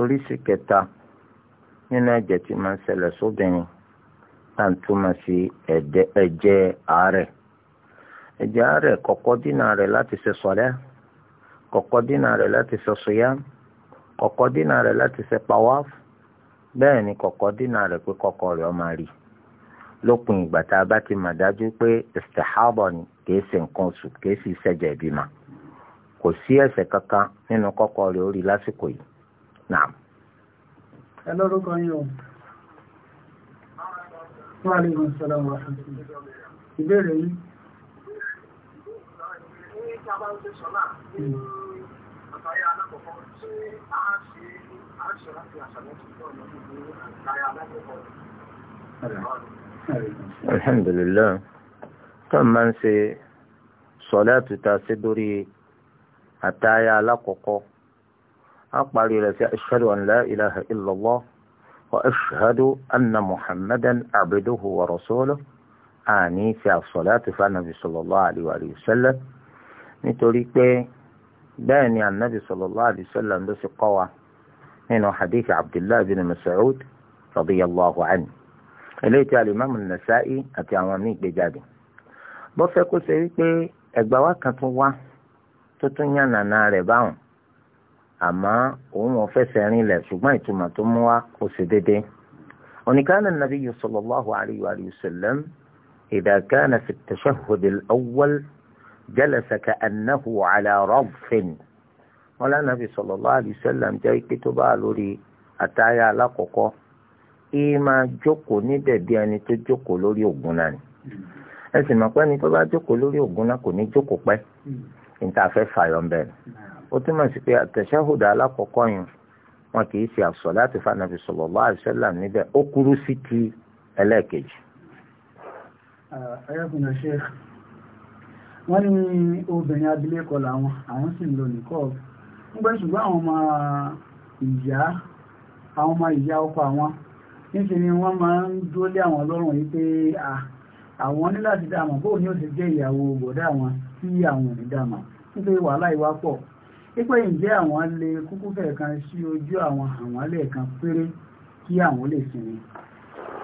oríṣi kẹta nínú ẹ̀jẹ̀ tí máa ń ṣẹlẹ̀ sóbìnrin náà túmọ̀ sí ẹ̀jẹ̀ àárẹ̀ ẹ̀jẹ̀ àárẹ̀ kọ́kọ́ dínà rẹ̀ láti ṣe sọ̀rẹ́ kọ́kọ́ dínà rẹ̀ láti ṣe sọ̀yá kọ́kọ́ dínà rẹ̀ láti ṣe bẹ́ẹ̀ ni kọ́kọ́ dínà rẹ̀ pé kọ́kọ́ rẹ̀ ọmọ rí lópin ìgbà tá a bá ti mà dájú pé istihaba ni kìí ṣe nǹkan oṣù kìí sì ṣẹ̀jẹ̀ ìbímọ kò sí ẹ̀ṣẹ̀ kankan nínú kọ́kọ́ Naam. Ẹ lórúkọ yín o. Wọ́n lè wà fún ìbéèrè yìí. Alhamdulillah, tó máa ń ṣe sọ́lá tuta sí lórí àtàyà á parí rẹ̀ sí ashhadu an la ilaha illallah wa ashhadu anna muhammadan abduhu wa rasuluhu àní ti as-salatu fa nàbì sallallahu alayhi wa sallam nítorí pé bẹ́ẹ̀ ni ànábì sallallahu alayhi wa sallam ló sì kọ́ wa nínú hadith abdullahi bin mas'ud radiyallahu anhu eléyìí tí alimami nasa'i àti àwọn míì gbé jáde bó fẹ́ kó ṣe wípé ẹgbà wa kan tún wá tó tún yànnàna rẹ̀ báwọn àmọ́ òun ò fẹsẹ̀ rinlẹ̀ ṣùgbọ́n ìtumọ̀ tó mú wá kò sí déédéé. oníkanà nabiyyu sallallahu alayhi wa sallam idha kana fi at-tashahhud al-awwal jalasa ka'annahu ala radfin. wọn lánà bí sallallahu alayhi wa sallam jẹ́ ike tó bá lórí àtàyà alákọ̀ọ́kọ́ ìyí máa jókòó níbẹ̀ bí ẹni tó jókòó lórí ògùn náà ni. ẹ sì mọ̀ pé ẹni tó bá jókòó lórí ògùn náà kò ní jókòó pẹ́ hmm. níta fẹ́ fàyọ̀ ń bẹ̀rẹ̀. Hmm ó túmọ̀ sí pé àtẹ̀ṣẹ́hùdà alákọ̀ọ́kọ́ yìí wọn kì í ṣe àsọ̀láàtì fànàbí sallallahu alaihi wasallam níbẹ̀ ó kúrú sí ti ẹlẹ́ẹ̀kejì. ayọ́kùnrin ṣe wọ́n ní obìnrin abilékọ làwọn àwọn sì ń lò nìkọ́ ń gbé àwọn ọmọ ìyá àwọn ọmọ ìyá ọkọ àwọn níṣẹ́ ni wọ́n máa ń dúró lé àwọn lọ́rùn yìí pé àwọn ní láti dá àmọ̀ bóun ni ó ti jẹ́ ìyàwó bọ̀dá àwọn tí àwọn ò ní dá àmọ̀ nítorí wàhálà ìwà pọ̀ pípẹ́ ǹjẹ́ àwọn lè kúkú fẹ̀ẹ̀kan sí ojú àwọn àwọn lẹ́ẹ̀kan péré kí àwọn lè sinmi.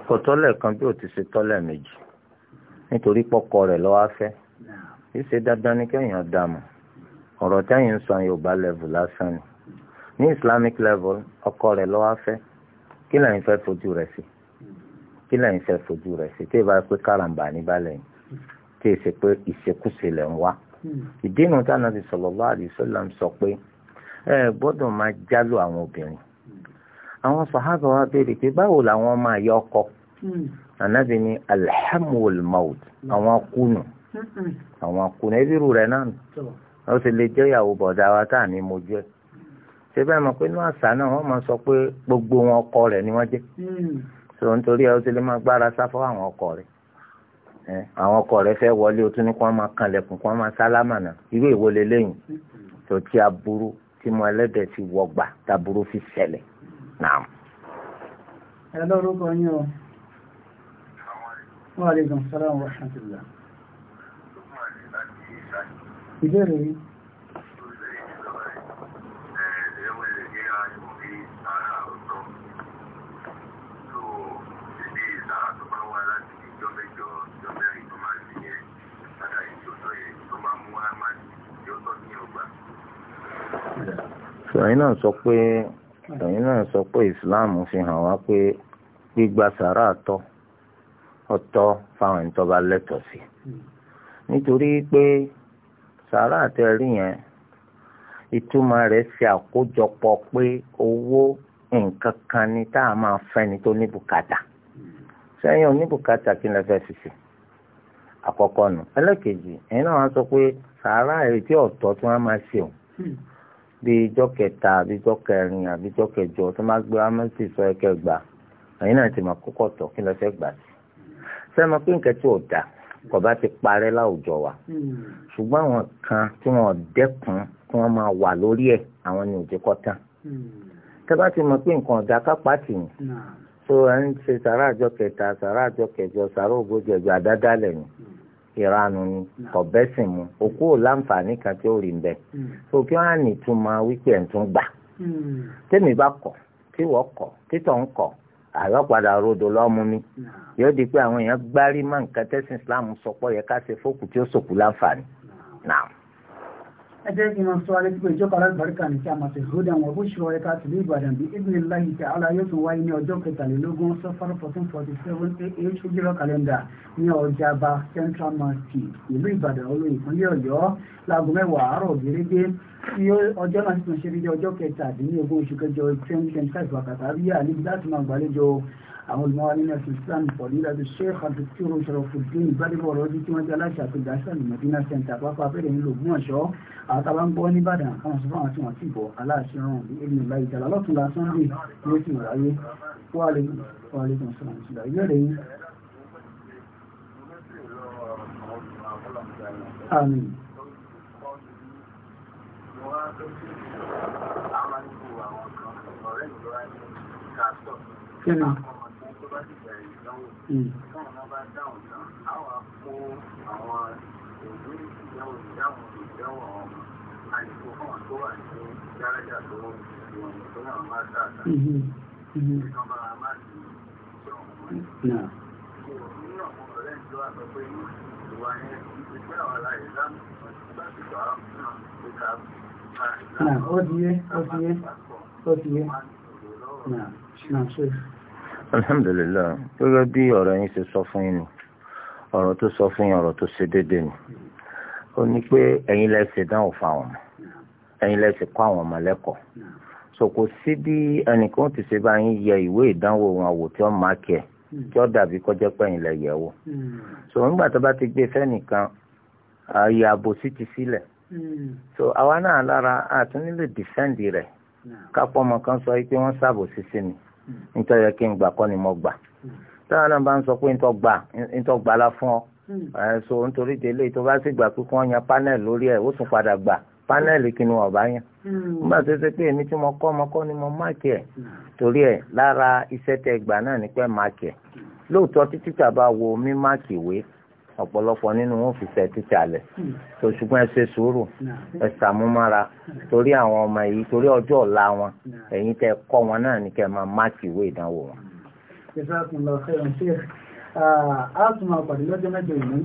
kò tọ́lẹ̀ kan bí ò ti ṣe tọ́lẹ̀ méjì nítorí pọ́kọ rẹ̀ lọ́wọ́ fẹ́ ṣíṣe dandan ni kéèyàn dààmú ọ̀rọ̀ tẹ́yìn ń sọ yorùbá level lásán ni ní islamic level ọkọ rẹ̀ lọ́wọ́ fẹ́ kí lẹ́yìn fẹ́ fojú rẹ̀ sí kí lẹ́yìn fẹ́ fojú rẹ̀ sí tí ì bá pé káràǹbà ní yìí tí ì ṣe pé ìṣekúṣe lẹ̀ ń wá ìdínà táwọn àti sallallahu alaihi wasallam sọ pé ẹ gbọ́dọ̀ máa jálò àwọn obìnrin àwọn sàhábà wa béèrè pé báwo làwọn máa yọ ọkọ ànábì ni alhamul maut àwọn kùnù àwọn kùnù ẹbí rú rẹ náà ó sì lè jẹ́ ìyàwó bọ̀dá wa tá à ní mojú ẹ̀ ṣẹbẹ́ mọ̀ pé inú àṣà náà wọ́n máa sọ pé gbogbo wọn ọkọ rẹ̀ ni wọ́n jẹ́ hmm. sọ nítorí ẹ ó ti lè máa gbára sá àwọn ọkọ rẹ̀ àwọn ọkọ rẹ fẹ́ wọlé o tún ní kí wọ́n máa kanlẹ̀kùn kí wọ́n máa sálámà náà irú ìwọlé lẹ́yìn tó ti aburú tí mo ẹlẹ́dẹ̀ ti wọgbà taburú fi ṣẹlẹ̀ náà. ẹ lórúkọ yín o wàhálà ìgbọ̀nsẹ̀ àwọn ọ̀ṣun ìbéèrè yìí. ẹ̀yin náà sọ pé ẹ̀yin náà sọ pé islam fi hàn wá pé gbígba sàrà àtọ ọtọ fáwọn ẹni tó bá lẹ́tọ̀ọ́ sí nítorí pé sàrà àtẹrí yẹn ìtumọ̀ rẹ̀ ṣe àkójọpọ̀ pé owó nǹkan kan ni tá a máa fẹ́ni tó ní bùkátà sẹ́yìn oníbùkátà kí lè fẹ́ fi sí àkọ́kọ́ nù ẹlẹ́kejì ẹ̀yin náà wá sọ pé sàrà èrè tí ọ̀tọ̀ tí wọ́n máa ṣe o. Hmm. bíi ijọ́ kẹta àbí ijọ́ kẹrin àbí ijọ́ kẹjọ tó máa gbé amẹ́sì sọ ẹ̀kẹ́ gbà ẹ̀yin náà ti mọ̀ kókó tọ̀ kí lọ́ọ́ fẹ́ gbà sí. sẹ́mi pé nǹkan tí ò dáa kò bá ti parẹ́ láwùjọ wa ṣùgbọ́n àwọn kan tí wọ́n dẹ́kun kí wọ́n máa wà lórí ẹ̀ àwọn ni ò ti kọ́ tán. tẹ́ ti mọ̀ pé nǹkan ọ̀dà kápá tì ní so ẹ̀ ń ṣe sàrà àjọ kẹta sàrà àjọ kẹjọ sàrà ògbójọ ìranù ni kọ̀bẹ́sìn mu òkú ò láǹfààní kan tí ó rí bẹ́ẹ̀ hmm. so kí wọ́n á ní ìtumọ̀ wípé ẹ̀ ń tún gbà hmm. tẹ́mi bá kọ̀ tí wọ́n kọ̀ títọ̀ ń kọ̀ àlọ́ padà rodò lọ́mú mi yóò di pé àwọn èèyàn gbárí mọ́ nǹkan tẹ́sìn Islam sọ yẹ ká ṣe fókù tí ó sòkù láǹfààní أجل إمام سؤالك بجوك على البركة نتامة هدى وبشرى ويكات لبادن بإذن الله تعالى يوم وين وجوك تللوغون صفر 1447 AH Hijra calendar ní Ọjà'ba Central Market ìlú Ìbàdàn olú ìpínlẹ̀ Ọ̀yọ́ láago mẹ́wàá àárọ̀ gẹ́gẹ́ tí ọjọ́ náà ti tún ṣe rí ọjọ́ kẹtàdínlógún oṣù kẹjọ 2025 wákàtà àwọn olùmọ̀wá nínú ẹ̀sìn islam pọ̀lú ìlàjì sheikh abdulkiru sharafuddin gbadebo ọ̀rọ̀ ojú tí wọ́n jẹ́ aláṣẹ àpéjásá ní medina center pápá abẹ́rẹ́ nílò ògùn ọ̀ṣọ́ àtàwọn ń gbọ́ nìbàdàn àwọn sọ fáwọn tí wọ́n ti bọ̀ aláṣẹ ràn ní èmi ìlà ìjàlá lọ́túnla sunday ní oṣù wáyé wàlẹ́kùn sọ̀rọ̀ ìṣúra ìbéèrè yín. àmín. Kí ni? Nah, ọdí yẹ, ọdí yẹ, ọdí alhamdulilayi gẹ́gẹ́ bí ọ̀rọ̀ yín ṣe sọ fún yín ni ọ̀rọ̀ tó sọ fún yín ọ̀rọ̀ tó ṣe déédéé ni ó ní pé ẹ̀yin lẹ́sẹ̀ dáhùn fún ọmọ ẹ̀yin lẹ́sẹ̀ kọ́ àwọn ọmọ lẹ́kọ̀ọ́ so kò sí bí ẹnìkan ti ṣe bá yín yẹ ìwé ìdánwò wọn àwò tí wọ́n máa kẹ́ tí ó dàbí kọjá pé ẹ̀yin lẹ yẹ̀ wò so nígbà tó bá ti gbé fẹ́nìkan ààyè àbòsí ti sílẹ̀ so àwa náà lára àtúnilè dìfẹ́ǹdì rẹ̀ kápọ́ ọmọ kan sọ pé wọ́n ṣàbòsí sí mi nítorí yẹ kí n gbà kọ́ ni mo gbà hmm. táwọn náà bá ń sọ pé ntọ́ gbà ntọ́ gbà la fún ọ hmm. so nítorí délé tó bá sì gbà pé kí wọ́n yan panel lórí ẹ̀ ó tún padà gbà panel kí ni wọ́n bá yàn hmm. nígbà tó ṣe pé èmi tí mo kọ́ ọmọ kọ́ ni mo máàkì ẹ̀ torí ẹ̀ lára iṣẹ́ tẹ gbà náà ní pẹ́ máàkì ẹ̀ lóòótọ́ títí tàbá wo mí máàkì ìwé ọ̀pọ̀lọpọ̀ nínú wọn fi tẹ̀ títí alẹ̀ tó hmm. ṣùgbọ́n ẹ ṣe sùúrù ẹ ṣàmúmára hmm. torí àwọn ọmọ yìí torí ọjọ́ ọ̀la wọn ẹ̀yin tẹ́ kọ́ wọn náà ní kẹ́ máa máàkì ìwé ìdánwò wọn. ṣe hmm.